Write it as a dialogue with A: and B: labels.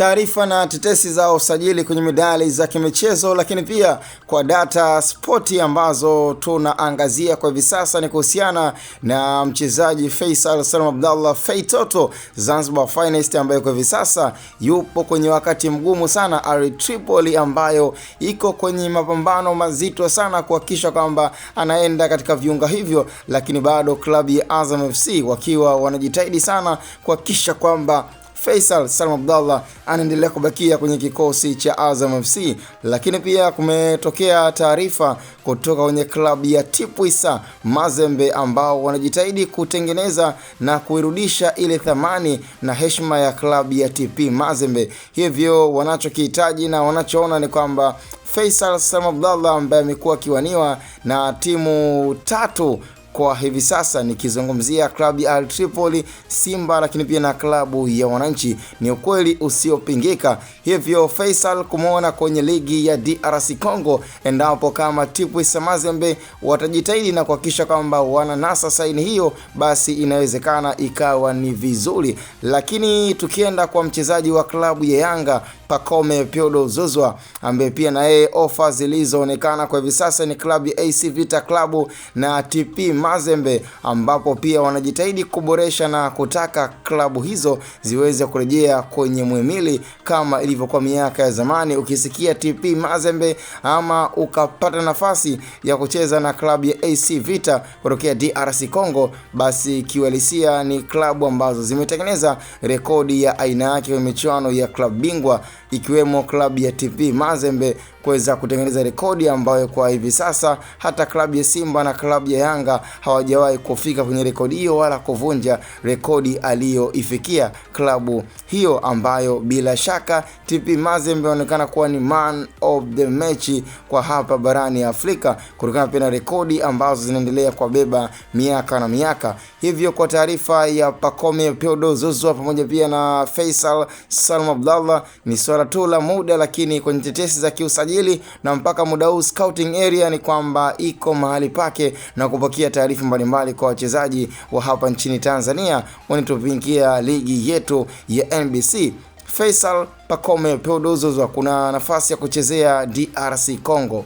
A: taarifa na tetesi za usajili kwenye medali za kimichezo, lakini pia kwa data spoti ambazo tunaangazia kwa hivi sasa ni kuhusiana na mchezaji Faisal Salam Abdallah Fei Zanzibar Finest, ambaye kwa hivi sasa yupo kwenye wakati mgumu sana, Al Tripoli ambayo iko kwenye mapambano mazito sana kuhakikisha kwamba anaenda katika viunga hivyo, lakini bado klabu ya Azam FC wakiwa wanajitahidi sana kuhakikisha kwamba Faisal Salum Abdallah anaendelea kubakia kwenye kikosi cha Azam FC, lakini pia kumetokea taarifa kutoka kwenye klabu ya Tipwisa Mazembe ambao wanajitahidi kutengeneza na kuirudisha ile thamani na heshima ya klabu ya TP Mazembe. Hivyo wanachokihitaji na wanachoona ni kwamba Faisal Salum Abdallah ambaye amekuwa akiwaniwa na timu tatu kwa hivi sasa nikizungumzia klabu ya Tripoli, Simba, lakini pia na klabu ya Wananchi, ni ukweli usiopingika. Hivyo Faisal kumwona kwenye ligi ya DRC Congo endapo kama Tipu Mazembe watajitahidi na kuhakikisha kwamba wananasa saini hiyo, basi inawezekana ikawa ni vizuri. Lakini tukienda kwa mchezaji wa klabu ya Yanga Pacome Piodo Zuzwa ambaye pia na yeye ofa zilizoonekana kwa hivi sasa ni klabu ya AC Vita Club na TP Mazembe, ambapo pia wanajitahidi kuboresha na kutaka klabu hizo ziweze kurejea kwenye muhimili kama ilivyokuwa miaka ya zamani. Ukisikia TP Mazembe ama ukapata nafasi ya kucheza na klabu ya AC Vita kutokea DRC Congo, basi kiuhalisia ni klabu ambazo zimetengeneza rekodi ya aina yake kwenye michuano ya klabu bingwa ikiwemo klabu ya TP Mazembe kuweza kutengeneza rekodi ambayo kwa hivi sasa hata klabu ya Simba na klabu ya Yanga hawajawahi kufika kwenye rekodi hiyo wala kuvunja rekodi aliyoifikia klabu hiyo ambayo bila shaka TP Mazembe anaonekana kuwa ni man of the match kwa hapa barani Afrika kutokana pia na rekodi ambazo zinaendelea kwa beba miaka na miaka. Hivyo kwa taarifa ya Pacome Pedro Zouzoua pamoja pia na Faisal Salum Abdallah, ni swala tu la muda, lakini kwenye tetesi za kiusajili na mpaka muda huu scouting area ni kwamba iko mahali pake na kupokea taarifa mbalimbali kwa wachezaji wa hapa nchini Tanzania wanatupingia ligi yetu ya NBC. Faisal Pacome Peduzo kuna nafasi ya kuchezea DRC Congo.